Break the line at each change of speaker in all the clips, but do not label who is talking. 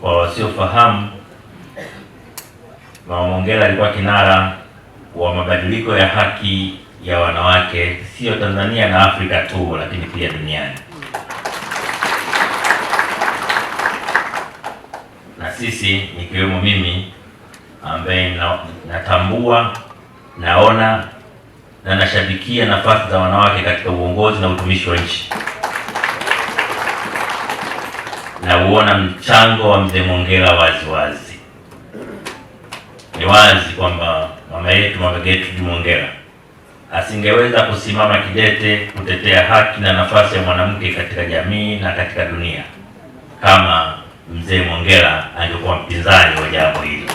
Kwa wasiofahamu, Mama Mongella alikuwa kinara wa mabadiliko ya haki ya wanawake sio Tanzania na Afrika tu, lakini pia duniani. Na sisi nikiwemo mimi ambaye na, natambua naona na nashabikia nafasi za wanawake katika uongozi na utumishi wa nchi nauona mchango wa mzee Mongela wazi wazi. Ni wazi kwamba mama yetu Mama Mongela asingeweza kusimama kidete kutetea haki na nafasi ya mwanamke katika jamii na katika dunia kama mzee Mongela angekuwa mpinzani wa jambo hili.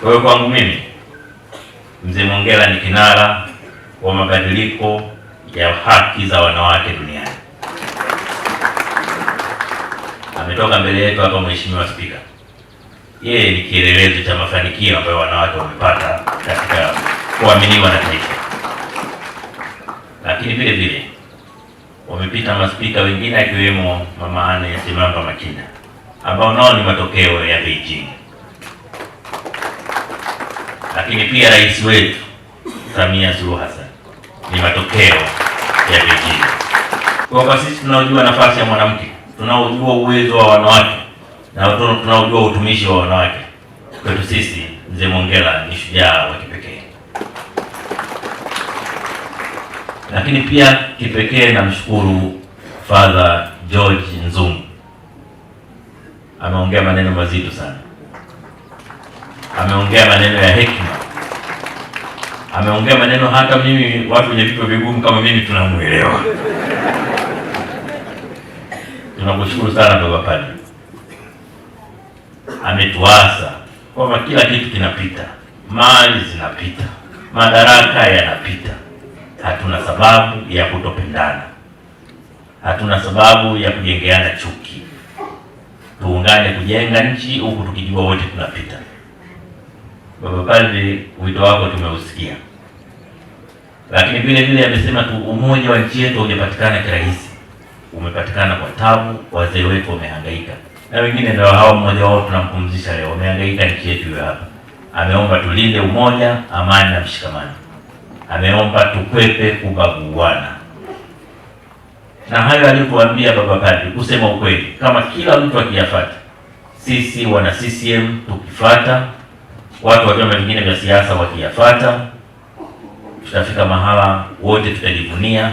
Kwa hiyo kwangu mimi mzee Mongela ni kinara wa mabadiliko ya haki za wanawake duniani. ametoka mbele yetu hapa Mheshimiwa Spika, yeye ni kielelezo cha mafanikio ambayo wanawake wamepata katika kuaminiwa na taifa, lakini vile vile wamepita maspika wengine akiwemo Mama Anne ya Semamba Makina ambao nao ni matokeo ya Beijing, lakini pia rais wetu Samia Suluhu Hassan ni matokeo ya Beijing. Kwa sisi tunaojua nafasi ya mwanamke tunaojua uwezo wa wanawake na tunaojua utumishi wa wanawake. Kwetu sisi Mzee Mongela ni shujaa wa kipekee, lakini pia kipekee namshukuru Father George Nzungu, ameongea maneno mazito sana, ameongea maneno ya hekima, ameongea maneno hata mimi watu wenye vichwa vigumu kama mimi tunamwelewa tunamshukuru sana baba padri, ametuasa kwamba kila kitu kinapita, mali zinapita, madaraka yanapita. Hatuna sababu ya kutopendana, hatuna sababu ya kujengeana chuki. Tuungane kujenga nchi, huku tukijua wote tunapita. Baba padri, wito wako tumeusikia, lakini vile vile amesema tu umoja wa nchi yetu haujapatikana kirahisi umepatikana kwa tabu, wazee wetu wamehangaika, na wengine ndio hao, mmoja wao tunampumzisha leo, wamehangaika nchi yetu hiyo hapa. Ameomba tulinde umoja, amani na mshikamano. Ameomba tukwepe kubaguana, na hayo alipoambia baba padri, kusema ukweli, kama kila mtu akiyafuata, sisi wana CCM tukifuata, watu wa vyama vingine vya siasa wakiyafuata, tutafika mahala wote tutajivunia